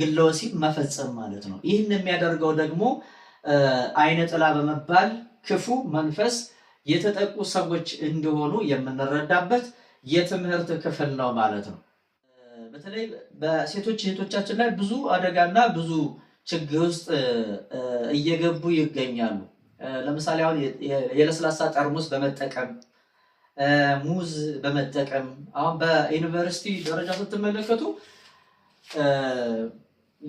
ግለ ወሲብ መፈጸም ማለት ነው። ይህን የሚያደርገው ደግሞ አይነ ጥላ በመባል ክፉ መንፈስ የተጠቁ ሰዎች እንደሆኑ የምንረዳበት የትምህርት ክፍል ነው ማለት ነው። በተለይ በሴቶች እህቶቻችን ላይ ብዙ አደጋና ብዙ ችግር ውስጥ እየገቡ ይገኛሉ። ለምሳሌ አሁን የለስላሳ ጠርሙስ በመጠቀም ሙዝ በመጠቀም አሁን በዩኒቨርሲቲ ደረጃ ስትመለከቱ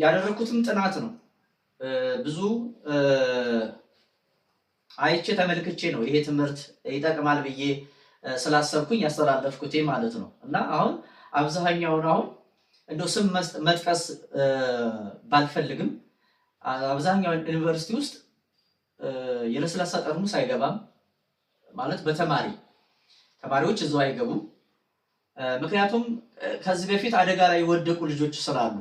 ያደረኩትም ጥናት ነው። ብዙ አይቼ ተመልክቼ ነው ይሄ ትምህርት ይጠቅማል ብዬ ስላሰብኩኝ ያስተላለፍኩት ማለት ነው። እና አሁን አብዛኛውን አሁን እንደው ስም መጥቀስ ባልፈልግም አብዛኛውን ዩኒቨርሲቲ ውስጥ የለስላሳ ጠርሙስ አይገባም ማለት በተማሪ ተማሪዎች እዛው አይገቡም። ምክንያቱም ከዚህ በፊት አደጋ ላይ የወደቁ ልጆች ስላሉ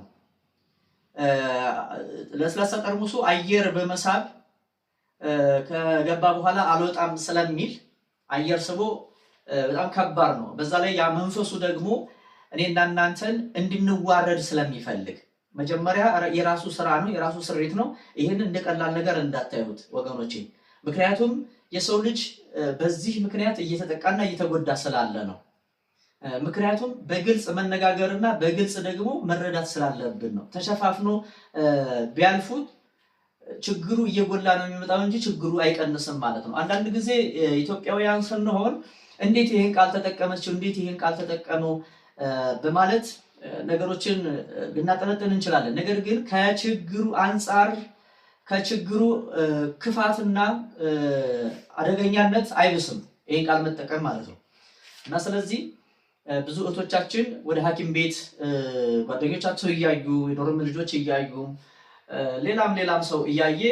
ለስላሳ ጠርሙሱ አየር በመሳብ ከገባ በኋላ አልወጣም ስለሚል አየር ስቦ በጣም ከባድ ነው። በዛ ላይ ያ መንፈሱ ደግሞ እኔና እናንተን እንድንዋረድ ስለሚፈልግ መጀመሪያ የራሱ ስራ ነው፣ የራሱ ስሪት ነው። ይህን እንደቀላል ነገር እንዳታዩት ወገኖቼ። ምክንያቱም የሰው ልጅ በዚህ ምክንያት እየተጠቃና እየተጎዳ ስላለ ነው። ምክንያቱም በግልጽ መነጋገርና በግልጽ ደግሞ መረዳት ስላለብን ነው። ተሸፋፍኖ ቢያልፉት ችግሩ እየጎላ ነው የሚመጣው እንጂ ችግሩ አይቀንስም ማለት ነው። አንዳንድ ጊዜ ኢትዮጵያውያን ስንሆን እንዴት ይህን ቃል ተጠቀመችው፣ እንዴት ይህን ቃል ተጠቀመው በማለት ነገሮችን ልናጠነጥን እንችላለን። ነገር ግን ከችግሩ አንጻር ከችግሩ ክፋትና አደገኛነት አይብስም ይህን ቃል መጠቀም ማለት ነው እና ስለዚህ ብዙ እህቶቻችን ወደ ሐኪም ቤት ጓደኞቻቸው እያዩ የዶርም ልጆች እያዩ ሌላም ሌላም ሰው እያየ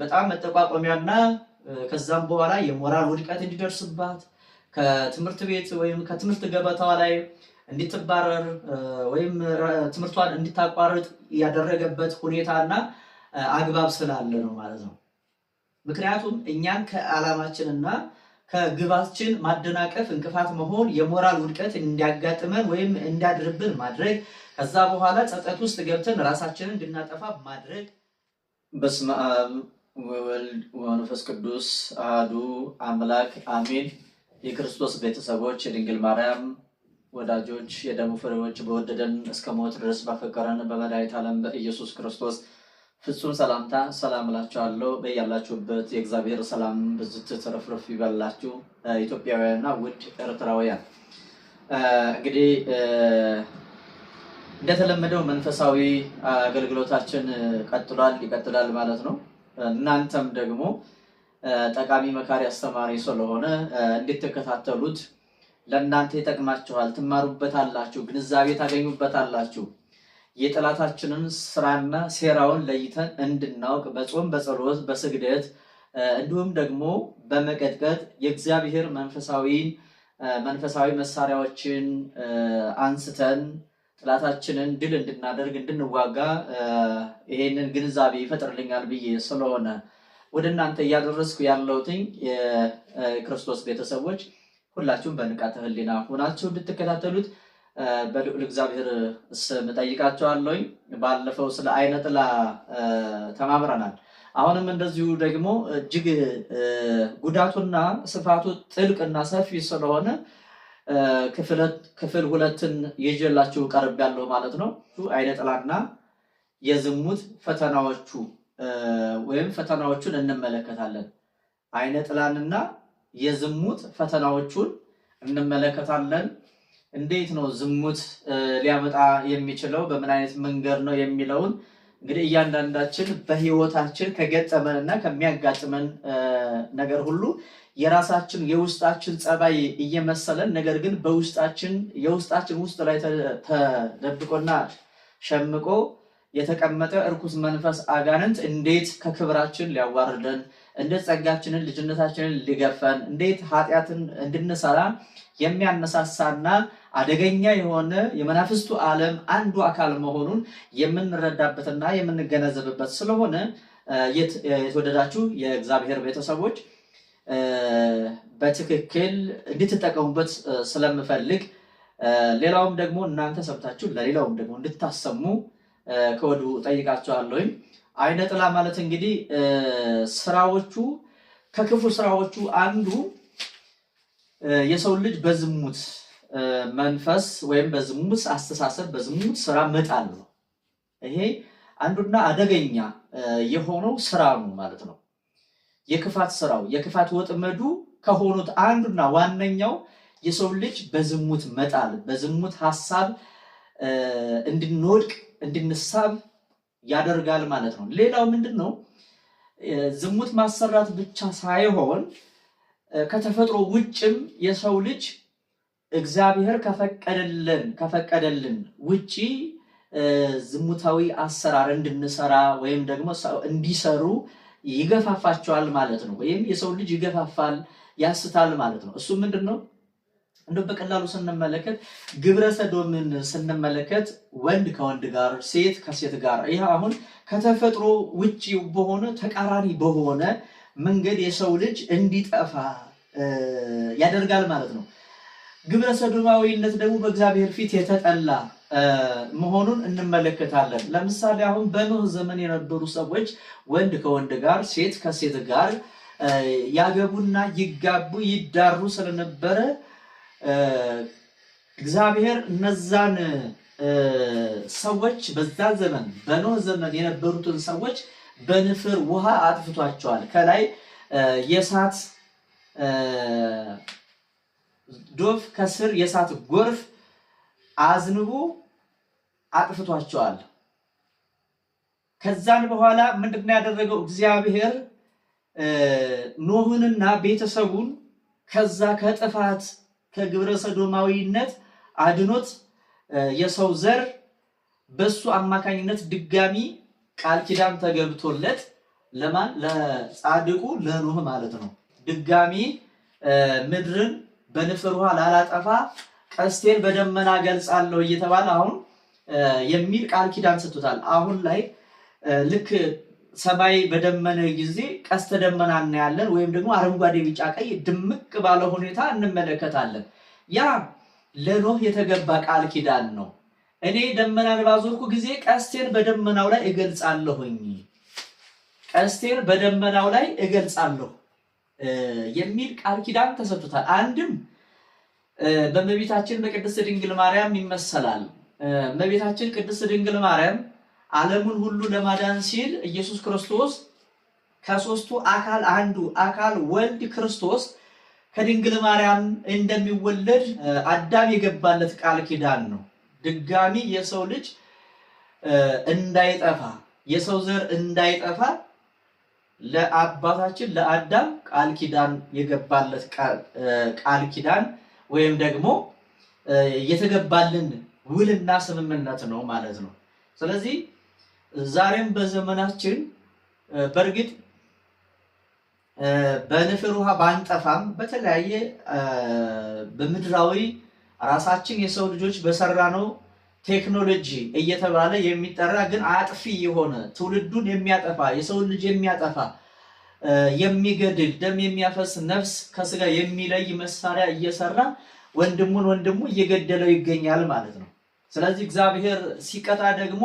በጣም መጠቋቋሚያና ከዛም በኋላ የሞራል ውድቀት እንዲደርስባት ከትምህርት ቤት ወይም ከትምህርት ገበታዋ ላይ እንድትባረር ወይም ትምህርቷን እንድታቋርጥ ያደረገበት ሁኔታና አግባብ ስላለ ነው ማለት ነው። ምክንያቱም እኛን ከዓላማችንና ከግባችን ማደናቀፍ እንቅፋት መሆን የሞራል ውድቀት እንዲያጋጥመን ወይም እንዲያድርብን ማድረግ ከዛ በኋላ ጸጸት ውስጥ ገብተን ራሳችንን እንድናጠፋ ማድረግ። በስመ አብ ወወልድ ወመንፈስ ቅዱስ አህዱ አምላክ አሜን። የክርስቶስ ቤተሰቦች፣ የድንግል ማርያም ወዳጆች፣ የደሙ ፍሬዎች በወደደን እስከ ሞት ድረስ ባፈቀረን በመድኃኒተ ዓለም በኢየሱስ ክርስቶስ ፍጹም ሰላምታ ሰላም እላችኋለሁ። በያላችሁበት የእግዚአብሔር ሰላም ብዝት ትርፍርፍ ይበላችሁ ኢትዮጵያውያንና ውድ ኤርትራውያን። እንግዲህ እንደተለመደው መንፈሳዊ አገልግሎታችን ቀጥሏል፣ ይቀጥላል ማለት ነው። እናንተም ደግሞ ጠቃሚ መካሪ አስተማሪ ስለሆነ እንድትከታተሉት ለእናንተ ይጠቅማችኋል፣ ትማሩበታላችሁ፣ ግንዛቤ ታገኙበታላችሁ። የጠላታችንን ስራና ሴራውን ለይተን እንድናውቅ በጾም በጸሎት በስግደት እንዲሁም ደግሞ በመቀጥቀጥ የእግዚአብሔር መንፈሳዊን መንፈሳዊ መሳሪያዎችን አንስተን ጥላታችንን ድል እንድናደርግ እንድንዋጋ ይሄንን ግንዛቤ ይፈጥርልኛል ብዬ ስለሆነ ወደ እናንተ እያደረስኩ ያለውትኝ የክርስቶስ ቤተሰቦች ሁላችሁም በንቃተ ህሊና ሆናችሁ እንድትከታተሉት በልዑል እግዚአብሔር ስም ጠይቃቸዋለኝ። ባለፈው ስለ አይነ ጥላ ተማምረናል። አሁንም እንደዚሁ ደግሞ እጅግ ጉዳቱና ስፋቱ ጥልቅና ሰፊ ስለሆነ ክፍል ሁለትን ይዤላችሁ ቀርብ ያለው ማለት ነው። አይነ ጥላና የዝሙት ፈተናዎቹ ወይም ፈተናዎቹን እንመለከታለን። አይነ ጥላንና የዝሙት ፈተናዎቹን እንመለከታለን። እንዴት ነው ዝሙት ሊያመጣ የሚችለው በምን አይነት መንገድ ነው የሚለውን እንግዲህ እያንዳንዳችን በህይወታችን ከገጠመን እና ከሚያጋጥመን ነገር ሁሉ የራሳችን የውስጣችን ጸባይ እየመሰለን ነገር ግን በውስጣችን የውስጣችን ውስጥ ላይ ተደብቆና ሸምቆ የተቀመጠ እርኩስ መንፈስ አጋንንት እንዴት ከክብራችን ሊያዋርደን እንዴት ጸጋችንን ልጅነታችንን ሊገፈን እንዴት ኃጢአትን እንድንሰራ የሚያነሳሳና አደገኛ የሆነ የመናፍስቱ ዓለም አንዱ አካል መሆኑን የምንረዳበትና የምንገነዘብበት ስለሆነ የተወደዳችሁ የእግዚአብሔር ቤተሰቦች በትክክል እንድትጠቀሙበት ስለምፈልግ ሌላውም ደግሞ እናንተ ሰምታችሁ ለሌላውም ደግሞ እንድታሰሙ ከወዱ ጠይቃችኋለሁኝ። አይነ ጥላ ማለት እንግዲህ ስራዎቹ ከክፉ ስራዎቹ አንዱ የሰው ልጅ በዝሙት መንፈስ ወይም በዝሙት አስተሳሰብ በዝሙት ስራ መጣል ነው። ይሄ አንዱና አደገኛ የሆነው ስራ ነው ማለት ነው። የክፋት ስራው የክፋት ወጥመዱ ከሆኑት አንዱና ዋነኛው የሰው ልጅ በዝሙት መጣል፣ በዝሙት ሀሳብ እንድንወድቅ እንድንሳብ ያደርጋል ማለት ነው። ሌላው ምንድን ነው? ዝሙት ማሰራት ብቻ ሳይሆን ከተፈጥሮ ውጭም የሰው ልጅ እግዚአብሔር ከፈቀደልን ከፈቀደልን ውጪ ዝሙታዊ አሰራር እንድንሰራ ወይም ደግሞ እንዲሰሩ ይገፋፋቸዋል ማለት ነው። ወይም የሰው ልጅ ይገፋፋል፣ ያስታል ማለት ነው። እሱ ምንድን ነው? እንደ በቀላሉ ስንመለከት ግብረ ሰዶምን ስንመለከት ወንድ ከወንድ ጋር፣ ሴት ከሴት ጋር ይህ አሁን ከተፈጥሮ ውጪ በሆነ ተቃራኒ በሆነ መንገድ የሰው ልጅ እንዲጠፋ ያደርጋል ማለት ነው። ግብረ ሰዶማዊነት ደግሞ በእግዚአብሔር ፊት የተጠላ መሆኑን እንመለከታለን። ለምሳሌ አሁን በኖህ ዘመን የነበሩ ሰዎች ወንድ ከወንድ ጋር፣ ሴት ከሴት ጋር ያገቡና ይጋቡ ይዳሩ ስለነበረ እግዚአብሔር እነዛን ሰዎች በዛ ዘመን በኖህ ዘመን የነበሩትን ሰዎች በንፍር ውሃ አጥፍቷቸዋል። ከላይ የእሳት ዶፍ ከስር የእሳት ጎርፍ አዝንቦ አጥፍቷቸዋል። ከዛን በኋላ ምንድነው ያደረገው? እግዚአብሔር ኖህንና ቤተሰቡን ከዛ ከጥፋት ከግብረ ሰዶማዊነት አድኖት የሰው ዘር በሱ አማካኝነት ድጋሚ ቃል ኪዳን ተገብቶለት ለማን ለጻድቁ ለኖህ ማለት ነው። ድጋሚ ምድርን በንፍር ውሃ ላላጠፋ ቀስቴን በደመና ገልጻለሁ እየተባለ አሁን የሚል ቃል ኪዳን ሰጥቶታል። አሁን ላይ ልክ ሰማይ በደመነ ጊዜ ቀስተ ደመና እናያለን፣ ወይም ደግሞ አረንጓዴ፣ ቢጫ፣ ቀይ ድምቅ ባለ ሁኔታ እንመለከታለን። ያ ለኖህ የተገባ ቃል ኪዳን ነው። እኔ ደመናን ባዞርኩ ጊዜ ቀስቴን በደመናው ላይ እገልጻለሁኝ ቀስቴን በደመናው ላይ እገልጻለሁ የሚል ቃል ኪዳን ተሰጥቶታል። አንድም በእመቤታችን በቅድስት ድንግል ማርያም ይመሰላል። እመቤታችን ቅድስት ድንግል ማርያም ዓለሙን ሁሉ ለማዳን ሲል ኢየሱስ ክርስቶስ ከሶስቱ አካል አንዱ አካል ወልድ ክርስቶስ ከድንግል ማርያም እንደሚወለድ አዳም የገባለት ቃል ኪዳን ነው። ድጋሚ የሰው ልጅ እንዳይጠፋ የሰው ዘር እንዳይጠፋ ለአባታችን ለአዳም ቃል ኪዳን የገባለት ቃል ኪዳን ወይም ደግሞ የተገባልን ውልና ስምምነት ነው ማለት ነው። ስለዚህ ዛሬም በዘመናችን በእርግጥ በንፍር ውሃ ባንጠፋም በተለያየ በምድራዊ ራሳችን የሰው ልጆች በሰራ ነው ቴክኖሎጂ እየተባለ የሚጠራ ግን አጥፊ የሆነ ትውልዱን የሚያጠፋ የሰውን ልጅ የሚያጠፋ የሚገድል ደም የሚያፈስ ነፍስ ከስጋ የሚለይ መሳሪያ እየሰራ ወንድሙን ወንድሙ እየገደለው ይገኛል ማለት ነው። ስለዚህ እግዚአብሔር ሲቀጣ ደግሞ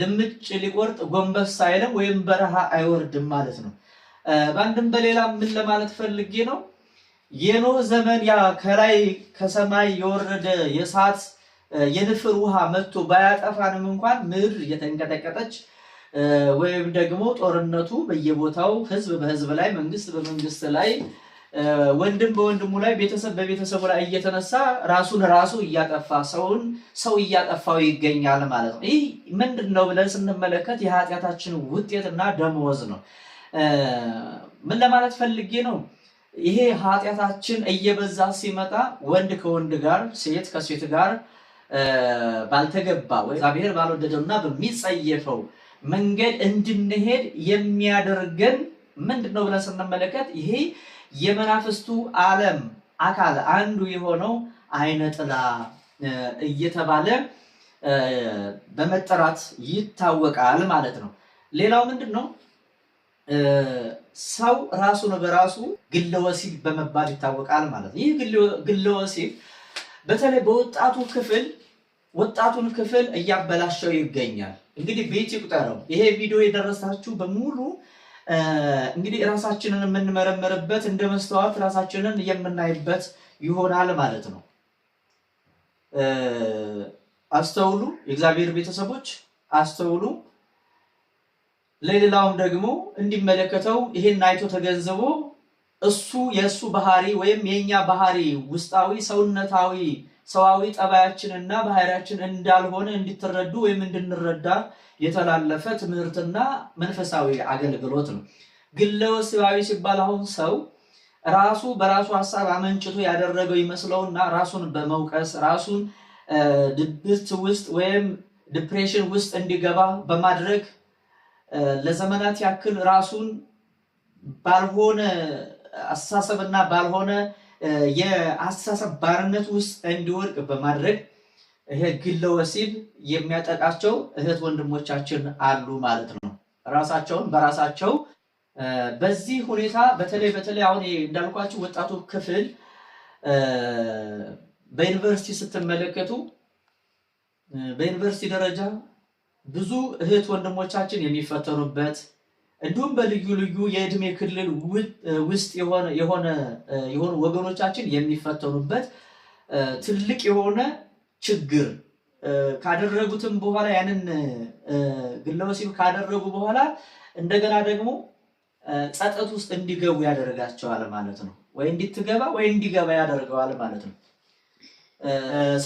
ልምጭ ሊቆርጥ ጎንበስ አይልም ወይም በረሃ አይወርድም ማለት ነው። በአንድም በሌላ ምን ለማለት ፈልጌ ነው የኖህ ዘመን ያ ከላይ ከሰማይ የወረደ የእሳት የንፍር ውሃ መጥቶ ባያጠፋንም እንኳን ምድር እየተንቀጠቀጠች ወይም ደግሞ ጦርነቱ በየቦታው ህዝብ በህዝብ ላይ፣ መንግስት በመንግስት ላይ፣ ወንድም በወንድሙ ላይ፣ ቤተሰብ በቤተሰቡ ላይ እየተነሳ ራሱን ራሱ እያጠፋ ሰውን ሰው እያጠፋው ይገኛል ማለት ነው። ይህ ምንድን ነው ብለን ስንመለከት የኃጢአታችን ውጤትና ደመወዝ ነው። ምን ለማለት ፈልጌ ነው? ይሄ ኃጢአታችን እየበዛ ሲመጣ ወንድ ከወንድ ጋር፣ ሴት ከሴት ጋር ባልተገባ ወይ እግዚአብሔር ባልወደደውና በሚጸየፈው መንገድ እንድንሄድ የሚያደርገን ምንድን ነው ብለን ስንመለከት ይሄ የመናፍስቱ ዓለም አካል አንዱ የሆነው አይነ ጥላ እየተባለ በመጠራት ይታወቃል ማለት ነው። ሌላው ምንድን ነው? ሰው ራሱን በራሱ ግለ ወሲብ በመባል ይታወቃል ማለት ነው። ይህ ግለ ወሲብ በተለይ በወጣቱ ክፍል ወጣቱን ክፍል እያበላሸው ይገኛል። እንግዲህ ቤት ይቁጠረው። ይሄ ቪዲዮ የደረሳችሁ በሙሉ እንግዲህ ራሳችንን የምንመረምርበት እንደ መስተዋት ራሳችንን የምናይበት ይሆናል ማለት ነው። አስተውሉ፣ የእግዚአብሔር ቤተሰቦች አስተውሉ። ለሌላውም ደግሞ እንዲመለከተው ይሄን አይቶ ተገንዝቦ እሱ የእሱ ባህሪ ወይም የእኛ ባህሪ ውስጣዊ ሰውነታዊ ሰዋዊ ጠባያችንና ባህሪያችን እንዳልሆነ እንድትረዱ ወይም እንድንረዳ የተላለፈ ትምህርትና መንፈሳዊ አገልግሎት ነው። ግለወሲባዊ ሲባል አሁን ሰው ራሱ በራሱ ሀሳብ አመንጭቶ ያደረገው ይመስለውና ራሱን በመውቀስ ራሱን ድብርት ውስጥ ወይም ዲፕሬሽን ውስጥ እንዲገባ በማድረግ ለዘመናት ያክል ራሱን ባልሆነ አስተሳሰብና ባልሆነ የአስተሳሰብ ባርነት ውስጥ እንዲወድቅ በማድረግ ይሄ ግለ ወሲብ የሚያጠቃቸው እህት ወንድሞቻችን አሉ ማለት ነው። ራሳቸውን በራሳቸው በዚህ ሁኔታ በተለይ በተለይ አሁን እንዳልኳቸው ወጣቱ ክፍል በዩኒቨርሲቲ ስትመለከቱ በዩኒቨርሲቲ ደረጃ ብዙ እህት ወንድሞቻችን የሚፈተኑበት እንዲሁም በልዩ ልዩ የእድሜ ክልል ውስጥ የሆኑ ወገኖቻችን የሚፈተኑበት ትልቅ የሆነ ችግር ካደረጉትም በኋላ ያንን ግለወሲብ ካደረጉ በኋላ እንደገና ደግሞ ጸጠት ውስጥ እንዲገቡ ያደርጋቸዋል ማለት ነው። ወይ እንዲትገባ ወይ እንዲገባ ያደርገዋል ማለት ነው።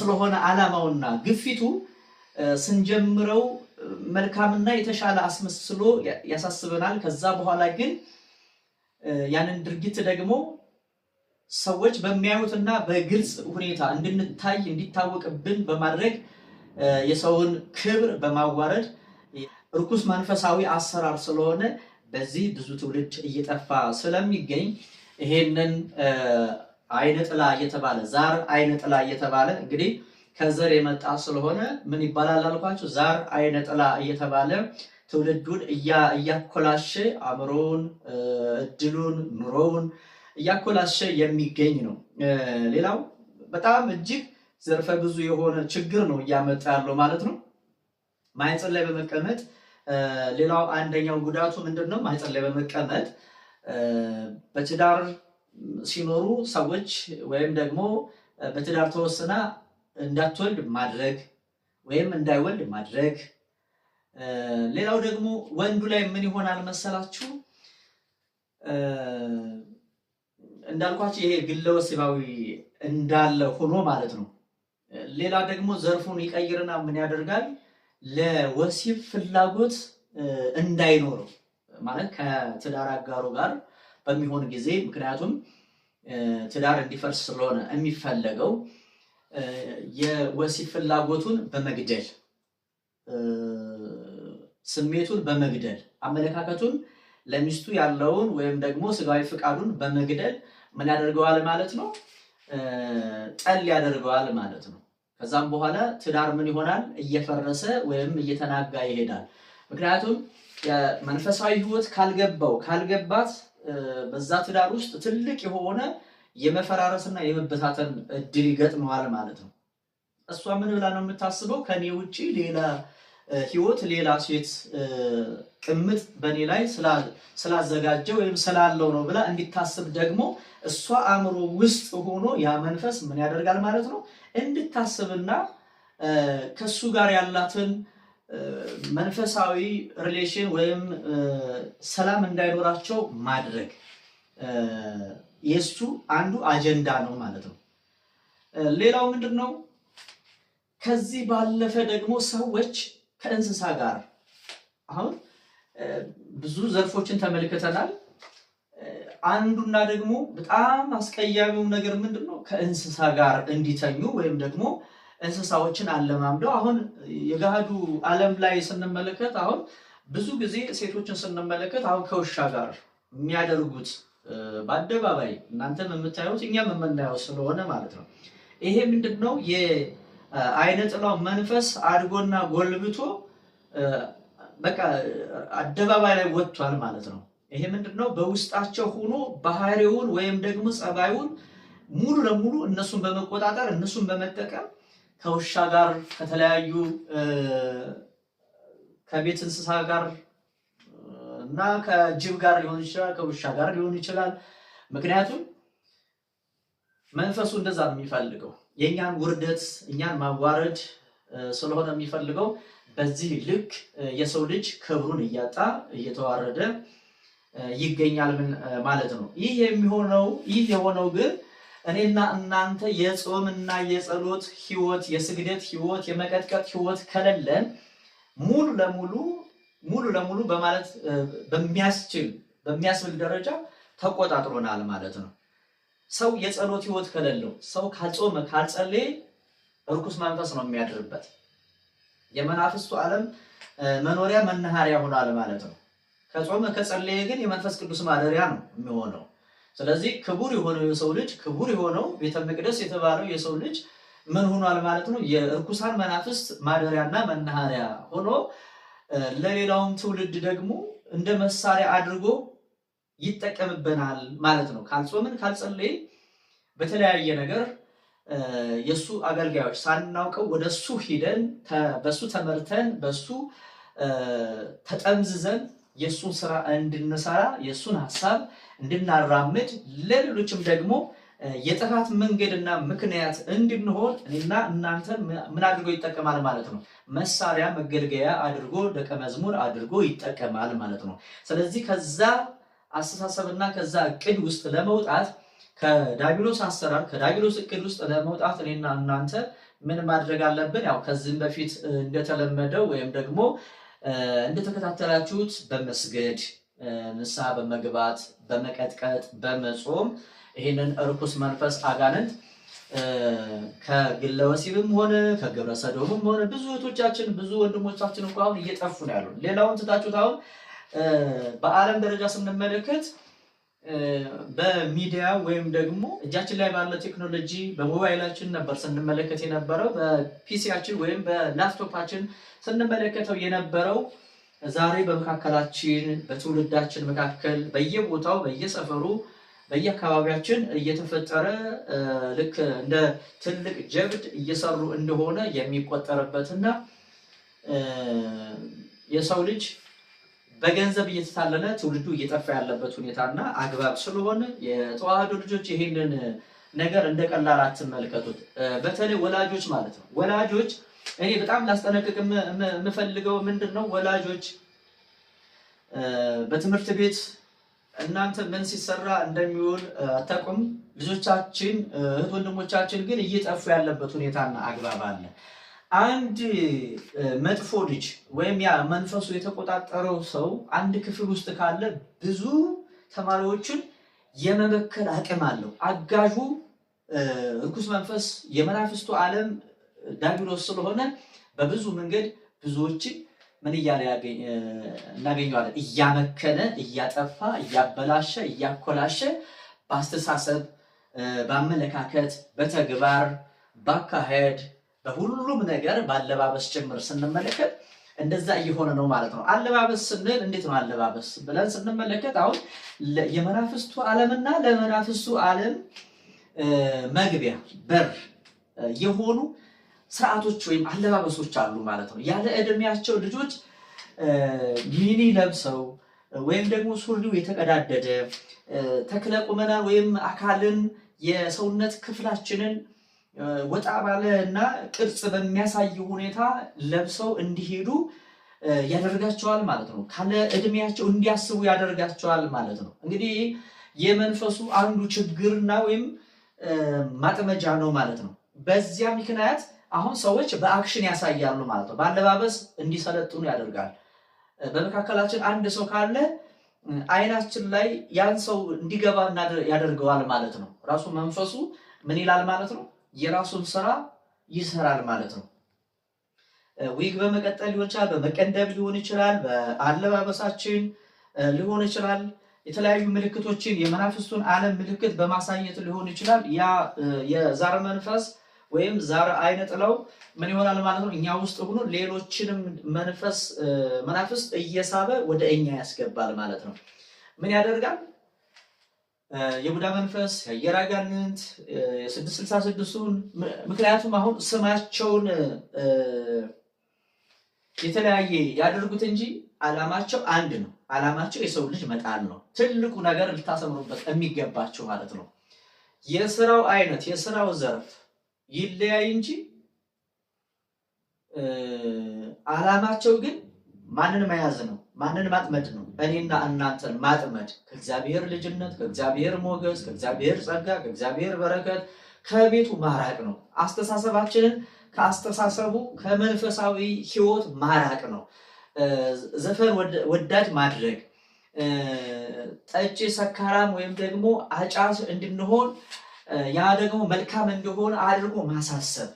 ስለሆነ ዓላማውና ግፊቱ ስንጀምረው መልካምና የተሻለ አስመስሎ ያሳስበናል። ከዛ በኋላ ግን ያንን ድርጊት ደግሞ ሰዎች በሚያዩትና በግልጽ ሁኔታ እንድንታይ እንዲታወቅብን በማድረግ የሰውን ክብር በማዋረድ እርኩስ መንፈሳዊ አሰራር ስለሆነ በዚህ ብዙ ትውልድ እየጠፋ ስለሚገኝ ይሄንን አይነ ጥላ እየተባለ ዛር አይነ ጥላ እየተባለ እንግዲህ ከዘር የመጣ ስለሆነ ምን ይባላል አልኳቸው? ዛር አይነ ጥላ እየተባለ ትውልዱን እያኮላሸ አእምሮውን፣ እድሉን፣ ኑሮውን እያኮላሸ የሚገኝ ነው። ሌላው በጣም እጅግ ዘርፈ ብዙ የሆነ ችግር ነው እያመጣ ያለው ማለት ነው። ማህፀን ላይ በመቀመጥ ሌላው አንደኛው ጉዳቱ ምንድን ነው? ማህፀን ላይ በመቀመጥ በትዳር ሲኖሩ ሰዎች ወይም ደግሞ በትዳር ተወስና እንዳትወልድ ማድረግ ወይም እንዳይወልድ ማድረግ። ሌላው ደግሞ ወንዱ ላይ ምን ይሆናል መሰላችሁ? እንዳልኳቸው ይሄ ግለወሲባዊ እንዳለ ሆኖ ማለት ነው። ሌላ ደግሞ ዘርፉን ይቀይርና ምን ያደርጋል? ለወሲብ ፍላጎት እንዳይኖረው ማለት ከትዳር አጋሩ ጋር በሚሆን ጊዜ ምክንያቱም ትዳር እንዲፈርስ ስለሆነ የሚፈለገው የወሲብ ፍላጎቱን በመግደል ስሜቱን በመግደል አመለካከቱን ለሚስቱ ያለውን ወይም ደግሞ ስጋዊ ፍቃዱን በመግደል ምን ያደርገዋል ማለት ነው? ጠል ያደርገዋል ማለት ነው። ከዛም በኋላ ትዳር ምን ይሆናል? እየፈረሰ ወይም እየተናጋ ይሄዳል። ምክንያቱም መንፈሳዊ ህይወት ካልገባው ካልገባት በዛ ትዳር ውስጥ ትልቅ የሆነ የመፈራረስና የመበታተን እድል ይገጥመዋል ማለት ነው። እሷ ምን ብላ ነው የምታስበው? ከኔ ውጭ ሌላ ህይወት፣ ሌላ ሴት ቅምጥ በእኔ ላይ ስላዘጋጀ ወይም ስላለው ነው ብላ እንዲታስብ ደግሞ እሷ አእምሮ ውስጥ ሆኖ ያ መንፈስ ምን ያደርጋል ማለት ነው እንድታስብና ከሱ ጋር ያላትን መንፈሳዊ ሪሌሽን ወይም ሰላም እንዳይኖራቸው ማድረግ የእሱ አንዱ አጀንዳ ነው ማለት ነው። ሌላው ምንድን ነው? ከዚህ ባለፈ ደግሞ ሰዎች ከእንስሳ ጋር አሁን ብዙ ዘርፎችን ተመልክተናል። አንዱና ደግሞ በጣም አስቀያሚው ነገር ምንድን ነው? ከእንስሳ ጋር እንዲተኙ ወይም ደግሞ እንስሳዎችን አለማምደው አሁን የገሃዱ ዓለም ላይ ስንመለከት አሁን ብዙ ጊዜ ሴቶችን ስንመለከት አሁን ከውሻ ጋር የሚያደርጉት በአደባባይ እናንተም የምታዩት እኛም የምናየው ስለሆነ ማለት ነው። ይሄ ምንድን ነው? የአይነ ጥላው መንፈስ አድጎና ጎልብቶ በቃ አደባባይ ላይ ወጥቷል ማለት ነው። ይሄ ምንድን ነው? በውስጣቸው ሆኖ ባህሪውን ወይም ደግሞ ጸባዩን ሙሉ ለሙሉ እነሱን በመቆጣጠር እነሱን በመጠቀም ከውሻ ጋር ከተለያዩ ከቤት እንስሳ ጋር እና ከጅብ ጋር ሊሆን ይችላል፣ ከውሻ ጋር ሊሆን ይችላል። ምክንያቱም መንፈሱ እንደዛ ነው የሚፈልገው የእኛን ውርደት እኛን ማዋረድ ስለሆነ የሚፈልገው። በዚህ ልክ የሰው ልጅ ክብሩን እያጣ እየተዋረደ ይገኛል ማለት ነው። ይህ የሚሆነው ይህ የሆነው ግን እኔና እናንተ የጾምና የጸሎት ህይወት፣ የስግደት ህይወት፣ የመቀጥቀጥ ህይወት ከሌለን ሙሉ ለሙሉ ሙሉ ለሙሉ በማለት በሚያስችል በሚያስብል ደረጃ ተቆጣጥሮናል ማለት ነው። ሰው የጸሎት ህይወት ከሌለው ሰው ካልጾመ ካልጸለየ እርኩስ መንፈስ ነው የሚያድርበት። የመናፍስቱ ዓለም መኖሪያ መናኸሪያ ሆኗል ማለት ነው። ከጾመ ከጸለየ ግን የመንፈስ ቅዱስ ማደሪያ ነው የሚሆነው። ስለዚህ ክቡር የሆነው የሰው ልጅ ክቡር የሆነው ቤተ መቅደስ የተባለው የሰው ልጅ ምን ሆኗል ማለት ነው? የእርኩሳን መናፍስት ማደሪያና መናኸሪያ ሆኖ ለሌላውም ትውልድ ደግሞ እንደ መሳሪያ አድርጎ ይጠቀምብናል ማለት ነው። ካልጾምን ካልጸለይን በተለያየ ነገር የእሱ አገልጋዮች ሳናውቀው ወደ እሱ ሂደን በሱ ተመርተን በሱ ተጠምዝዘን የእሱን ስራ እንድንሰራ የእሱን ሀሳብ እንድናራምድ ለሌሎችም ደግሞ የጥፋት መንገድና ምክንያት እንድንሆን እኔና እናንተን ምን አድርጎ ይጠቀማል ማለት ነው። መሳሪያ መገልገያ አድርጎ ደቀ መዝሙር አድርጎ ይጠቀማል ማለት ነው። ስለዚህ ከዛ አስተሳሰብና ከዛ እቅድ ውስጥ ለመውጣት ከዳቢሎስ አሰራር ከዳቢሎስ እቅድ ውስጥ ለመውጣት እኔና እናንተ ምን ማድረግ አለብን? ያው ከዚህም በፊት እንደተለመደው ወይም ደግሞ እንደተከታተላችሁት በመስገድ ንስሐ በመግባት በመቀጥቀጥ በመጾም ይህንን እርኩስ መንፈስ አጋንንት ወሲብም ሆነ ከግብረ ሰዶምም ሆነ ብዙ እህቶቻችን ብዙ ወንድሞቻችን እንኳ አሁን እየጠፉ ነው ያሉ። ሌላውን ትታችሁት አሁን በዓለም ደረጃ ስንመለከት በሚዲያ ወይም ደግሞ እጃችን ላይ ባለ ቴክኖሎጂ በሞባይላችን ነበር ስንመለከት የነበረው በፒሲያችን ወይም በላፕቶፓችን ስንመለከተው የነበረው ዛሬ በመካከላችን በትውልዳችን መካከል በየቦታው በየሰፈሩ በየአካባቢያችን እየተፈጠረ ልክ እንደ ትልቅ ጀብድ እየሰሩ እንደሆነ የሚቆጠርበትና የሰው ልጅ በገንዘብ እየተታለለ ትውልዱ እየጠፋ ያለበት ሁኔታና አግባብ ስለሆነ የተዋህዶ ልጆች ይህንን ነገር እንደ ቀላል አትመልከቱት። በተለይ ወላጆች ማለት ነው። ወላጆች እኔ በጣም ላስጠነቅቅ የምፈልገው ምንድን ነው፣ ወላጆች በትምህርት ቤት እናንተ ምን ሲሰራ እንደሚውል አታውቁም። ልጆቻችን እህት ወንድሞቻችን ግን እየጠፉ ያለበት ሁኔታና አግባብ አለ። አንድ መጥፎ ልጅ ወይም ያ መንፈሱ የተቆጣጠረው ሰው አንድ ክፍል ውስጥ ካለ ብዙ ተማሪዎችን የመበከል አቅም አለው። አጋዡ እርኩስ መንፈስ የመናፍስቱ ዓለም ዲያብሎስ ስለሆነ በብዙ መንገድ ብዙዎችን ምን እያለ እናገኘዋለን? እያመከነ፣ እያጠፋ፣ እያበላሸ፣ እያኮላሸ በአስተሳሰብ፣ በአመለካከት፣ በተግባር፣ በአካሄድ፣ በሁሉም ነገር በአለባበስ ጭምር ስንመለከት እንደዛ እየሆነ ነው ማለት ነው። አለባበስ ስንል እንዴት ነው አለባበስ ብለን ስንመለከት አሁን የመናፍስቱ ዓለምና ለመናፍስቱ ዓለም መግቢያ በር የሆኑ ስርዓቶች ወይም አለባበሶች አሉ ማለት ነው። ያለ እድሜያቸው ልጆች ሚኒ ለብሰው ወይም ደግሞ ሱሪው የተቀዳደደ ተክለ ቁመና ወይም አካልን የሰውነት ክፍላችንን ወጣ ባለ እና ቅርጽ በሚያሳይ ሁኔታ ለብሰው እንዲሄዱ ያደርጋቸዋል ማለት ነው። ካለ እድሜያቸው እንዲያስቡ ያደርጋቸዋል ማለት ነው። እንግዲህ የመንፈሱ አንዱ ችግርና ወይም ማጥመጃ ነው ማለት ነው። በዚያ ምክንያት አሁን ሰዎች በአክሽን ያሳያሉ ማለት ነው። በአለባበስ እንዲሰለጥኑ ያደርጋል። በመካከላችን አንድ ሰው ካለ አይናችን ላይ ያን ሰው እንዲገባ ያደርገዋል ማለት ነው። ራሱ መንፈሱ ምን ይላል ማለት ነው? የራሱን ስራ ይሰራል ማለት ነው። ዊግ በመቀጠል ሊሆን ይችላል፣ በመቀንደብ ሊሆን ይችላል፣ በአለባበሳችን ሊሆን ይችላል። የተለያዩ ምልክቶችን የመናፍስቱን ዓለም ምልክት በማሳየት ሊሆን ይችላል። ያ የዛር መንፈስ ወይም ዛር አይነ ጥለው ምን ይሆናል ማለት ነው። እኛ ውስጥ ሆኖ ሌሎችንም መንፈስ መናፍስት እየሳበ ወደ እኛ ያስገባል ማለት ነው። ምን ያደርጋል? የቡዳ መንፈስ የአየር አጋንንት የስድስት ስልሳ ስድስቱን ምክንያቱም አሁን ስማቸውን የተለያየ ያደርጉት እንጂ ዓላማቸው አንድ ነው። ዓላማቸው የሰው ልጅ መጣል ነው። ትልቁ ነገር ልታሰምሩበት የሚገባቸው ማለት ነው። የስራው አይነት የስራው ዘርፍ ይለያይ እንጂ አላማቸው ግን ማንን መያዝ ነው? ማንን ማጥመድ ነው? እኔና እናንተን ማጥመድ ከእግዚአብሔር ልጅነት፣ ከእግዚአብሔር ሞገስ፣ ከእግዚአብሔር ጸጋ፣ ከእግዚአብሔር በረከት ከቤቱ ማራቅ ነው። አስተሳሰባችንን ከአስተሳሰቡ ከመንፈሳዊ ሕይወት ማራቅ ነው። ዘፈን ወዳድ ማድረግ፣ ጠጪ ሰካራም ወይም ደግሞ አጫስ እንድንሆን ያ ደግሞ መልካም እንደሆነ አድርጎ ማሳሰብ።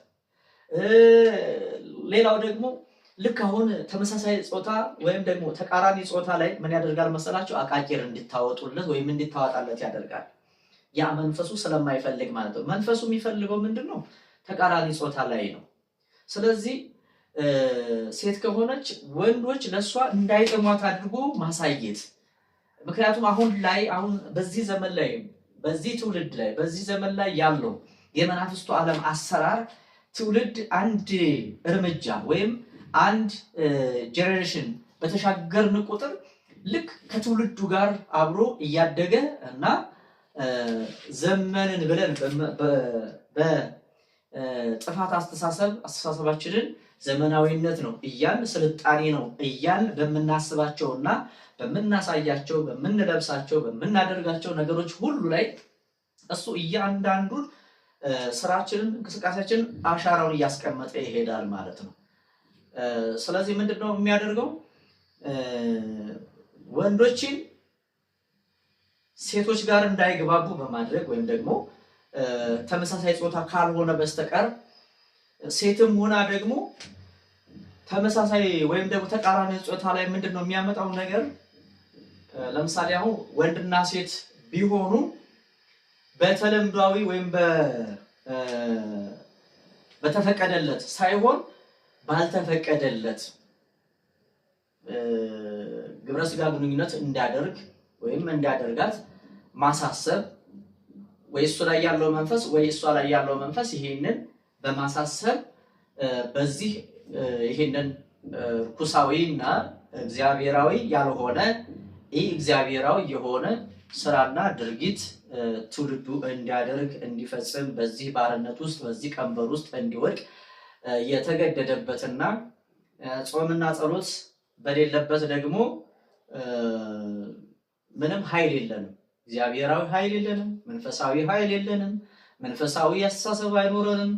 ሌላው ደግሞ ልክ አሁን ተመሳሳይ ጾታ ወይም ደግሞ ተቃራኒ ጾታ ላይ ምን ያደርጋል መሰላቸው? አቃቂር እንድታወጡለት ወይም እንድታወጣለት ያደርጋል። ያ መንፈሱ ስለማይፈልግ ማለት ነው። መንፈሱ የሚፈልገው ምንድን ነው? ተቃራኒ ጾታ ላይ ነው። ስለዚህ ሴት ከሆነች ወንዶች ለእሷ እንዳይጥሟት አድርጎ ማሳየት። ምክንያቱም አሁን ላይ አሁን በዚህ ዘመን ላይ በዚህ ትውልድ ላይ በዚህ ዘመን ላይ ያለው የመናፍስቱ ዓለም አሰራር ትውልድ አንድ እርምጃ ወይም አንድ ጀኔሬሽን በተሻገርን ቁጥር ልክ ከትውልዱ ጋር አብሮ እያደገ እና ዘመንን ብለን በጥፋት አስተሳሰብ አስተሳሰባችንን ዘመናዊነት ነው እያን ስልጣኔ ነው እያን በምናስባቸውና በምናሳያቸው፣ በምንለብሳቸው፣ በምናደርጋቸው ነገሮች ሁሉ ላይ እሱ እያንዳንዱን ስራችንን፣ እንቅስቃሴያችንን አሻራውን እያስቀመጠ ይሄዳል ማለት ነው። ስለዚህ ምንድን ነው የሚያደርገው? ወንዶችን ሴቶች ጋር እንዳይግባቡ በማድረግ ወይም ደግሞ ተመሳሳይ ጾታ ካልሆነ በስተቀር ሴትም ሆና ደግሞ ተመሳሳይ ወይም ደግሞ ተቃራኒ ጾታ ላይ ምንድን ነው የሚያመጣው ነገር ለምሳሌ አሁን ወንድና ሴት ቢሆኑ በተለምዷዊ ወይም በተፈቀደለት ሳይሆን ባልተፈቀደለት ግብረ ስጋ ግንኙነት እንዲያደርግ ወይም እንዲያደርጋት ማሳሰብ ወይ እሱ ላይ ያለው መንፈስ ወይ እሷ ላይ ያለው መንፈስ ይሄንን በማሳሰብ በዚህ ይሄንን ርኩሳዊ እና እግዚአብሔራዊ ያልሆነ ይህ እግዚአብሔራዊ የሆነ ስራና ድርጊት ትውልዱ እንዲያደርግ እንዲፈጽም በዚህ ባርነት ውስጥ በዚህ ቀንበር ውስጥ እንዲወድቅ የተገደደበትና ጾምና ጸሎት በሌለበት ደግሞ ምንም ኃይል የለንም። እግዚአብሔራዊ ኃይል የለንም። መንፈሳዊ ኃይል የለንም። መንፈሳዊ አስተሳሰብ አይኖረንም።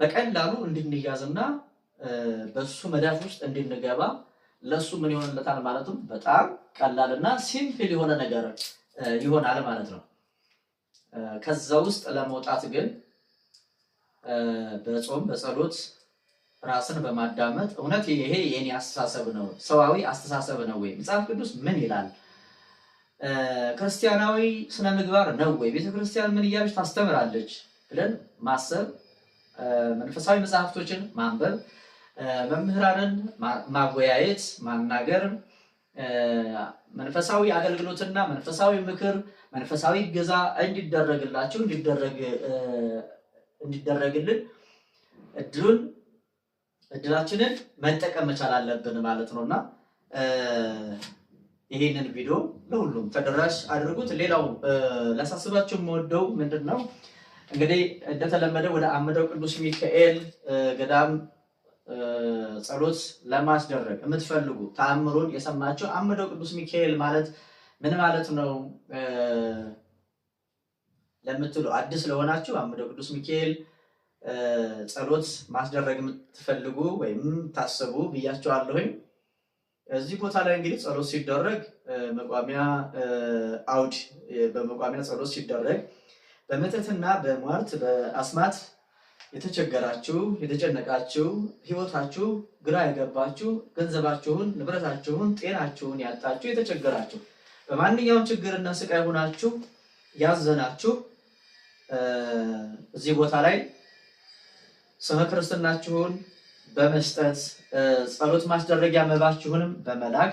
በቀላሉ እንድንያዝና በሱ መዳፍ ውስጥ እንድንገባ ለሱ ምን ይሆንለታል ማለትም በጣም ቀላል እና ሲምፕል የሆነ ነገር ይሆናል ማለት ነው። ከዛ ውስጥ ለመውጣት ግን በጾም በጸሎት ራስን በማዳመጥ እውነት ይሄ የኔ አስተሳሰብ ነው፣ ሰዋዊ አስተሳሰብ ነው ወይ፣ መጽሐፍ ቅዱስ ምን ይላል፣ ክርስቲያናዊ ስነ ምግባር ነው ወይ፣ ቤተክርስቲያን ምን እያለች ታስተምራለች ብለን ማሰብ፣ መንፈሳዊ መጽሐፍቶችን ማንበብ፣ መምህራንን ማወያየት፣ ማናገር መንፈሳዊ አገልግሎትና መንፈሳዊ ምክር፣ መንፈሳዊ ገዛ እንዲደረግላችሁ እንዲደረግልን እድሉን እድላችንን መጠቀም መቻል አለብን ማለት ነው እና ይህንን ቪዲዮ ለሁሉም ተደራሽ አድርጉት። ሌላው ላሳስባችሁ የምወደው ምንድን ነው እንግዲህ እንደተለመደ ወደ አምደው ቅዱስ ሚካኤል ገዳም ጸሎት ለማስደረግ የምትፈልጉ ተአምሩን የሰማችሁ አምደው ቅዱስ ሚካኤል ማለት ምን ማለት ነው ለምትሉ አዲስ ለሆናችሁ አምደው ቅዱስ ሚካኤል ጸሎት ማስደረግ የምትፈልጉ ወይም ታስቡ ብያችኋለሁኝ። እዚህ ቦታ ላይ እንግዲህ ጸሎት ሲደረግ መቋሚያ አውድ በመቋሚያ ጸሎት ሲደረግ በምትትና በሟርት በአስማት የተቸገራችሁ፣ የተጨነቃችሁ፣ ህይወታችሁ ግራ የገባችሁ፣ ገንዘባችሁን፣ ንብረታችሁን፣ ጤናችሁን ያጣችሁ፣ የተቸገራችሁ፣ በማንኛውም ችግርና ስቃይ ሆናችሁ ያዘናችሁ እዚህ ቦታ ላይ ስመ ክርስትናችሁን በመስጠት ጸሎት ማስደረጊያ መባችሁንም በመላክ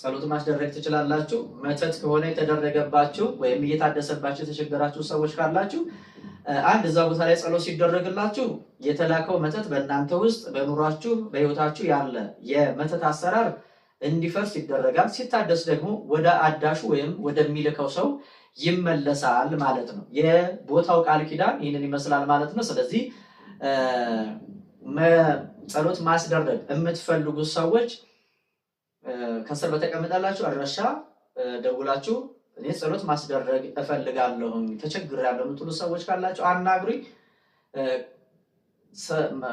ጸሎት ማስደረግ ትችላላችሁ። መተት ከሆነ የተደረገባችሁ ወይም እየታደሰባችሁ የተቸገራችሁ ሰዎች ካላችሁ አንድ እዛ ቦታ ላይ ጸሎት ሲደረግላችሁ የተላከው መተት በእናንተ ውስጥ በኑሯችሁ በህይወታችሁ ያለ የመተት አሰራር እንዲፈርስ ይደረጋል። ሲታደስ ደግሞ ወደ አዳሹ ወይም ወደሚልከው ሰው ይመለሳል ማለት ነው። የቦታው ቃል ኪዳን ይህንን ይመስላል ማለት ነው። ስለዚህ ጸሎት ማስደረግ የምትፈልጉት ሰዎች ከስር በተቀመጠላችሁ አድራሻ ደውላችሁ እኔ ጸሎት ማስደረግ እፈልጋለሁኝ ተቸግር ተቸግሬያለሁ የምትሉ ሰዎች ካላቸው አናግሩኝ።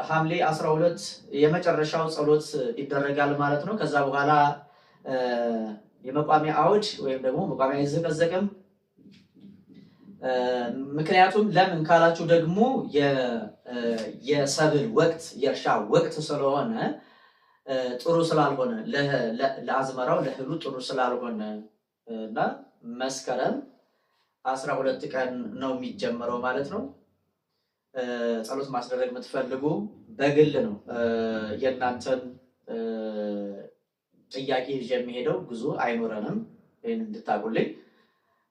ሐምሌ 12 የመጨረሻው ጸሎት ይደረጋል ማለት ነው። ከዛ በኋላ የመቋሚያ አውድ ወይም ደግሞ መቋሚያ አይዘቀዘቅም። ምክንያቱም ለምን ካላችሁ ደግሞ የሰብል ወቅት የእርሻ ወቅት ስለሆነ ጥሩ ስላልሆነ ለአዝመራው ለእህሉ ጥሩ ስላልሆነ እና መስከረም 12 ቀን ነው የሚጀምረው ማለት ነው። ጸሎት ማስደረግ የምትፈልጉ በግል ነው የእናንተን ጥያቄ ይዤ የሚሄደው ብዙ አይኖረንም፣ ይህን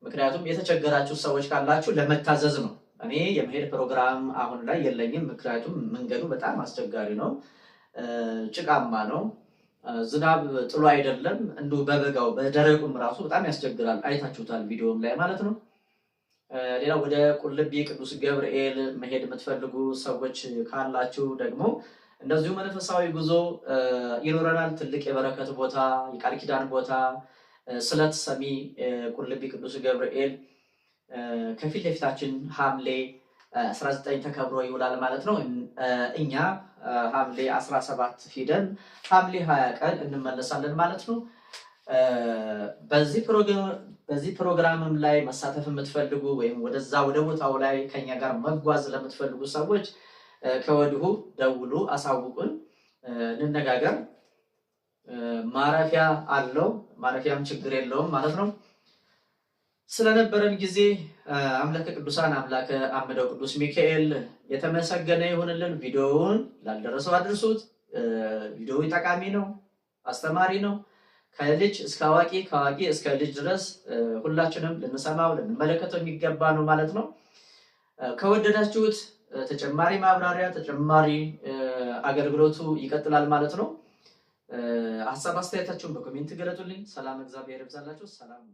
ምክንያቱም የተቸገራችሁ ሰዎች ካላችሁ ለመታዘዝ ነው። እኔ የመሄድ ፕሮግራም አሁን ላይ የለኝም፣ ምክንያቱም መንገዱ በጣም አስቸጋሪ ነው፣ ጭቃማ ነው። ዝናብ ጥሎ አይደለም እንዲሁ በበጋው በደረቁም ራሱ በጣም ያስቸግራል። አይታችሁታል ቪዲዮም ላይ ማለት ነው። ሌላ ወደ ቁልቢ ቅዱስ ገብርኤል መሄድ የምትፈልጉ ሰዎች ካላችሁ ደግሞ እንደዚሁ መንፈሳዊ ጉዞ ይኖረናል። ትልቅ የበረከት ቦታ፣ የቃል ኪዳን ቦታ፣ ስለት ሰሚ ቁልቢ ቅዱስ ገብርኤል ከፊት ለፊታችን ሐምሌ 19 ተከብሮ ይውላል ማለት ነው እኛ ሐምሌ 17 ሂደን ሐምሌ 20 ቀን እንመለሳለን ማለት ነው። በዚህ ፕሮግራምም ላይ መሳተፍ የምትፈልጉ ወይም ወደዛ ወደ ቦታው ላይ ከኛ ጋር መጓዝ ለምትፈልጉ ሰዎች ከወዲሁ ደውሉ፣ አሳውቁን፣ እንነጋገር። ማረፊያ አለው፣ ማረፊያም ችግር የለውም ማለት ነው። ስለነበረን ጊዜ አምላከ ቅዱሳን አምላከ አምደው ቅዱስ ሚካኤል የተመሰገነ ይሁንልን። ቪዲዮውን ላልደረሰው አድርሱት። ቪዲዮው ጠቃሚ ነው፣ አስተማሪ ነው። ከልጅ እስከ አዋቂ ከአዋቂ እስከ ልጅ ድረስ ሁላችንም ልንሰማው ልንመለከተው የሚገባ ነው ማለት ነው። ከወደዳችሁት ተጨማሪ ማብራሪያ ተጨማሪ አገልግሎቱ ይቀጥላል ማለት ነው። ሀሳብ አስተያየታችሁን በኮሜንት ገለጡልኝ። ሰላም እግዚአብሔር ይብዛላችሁ። ሰላም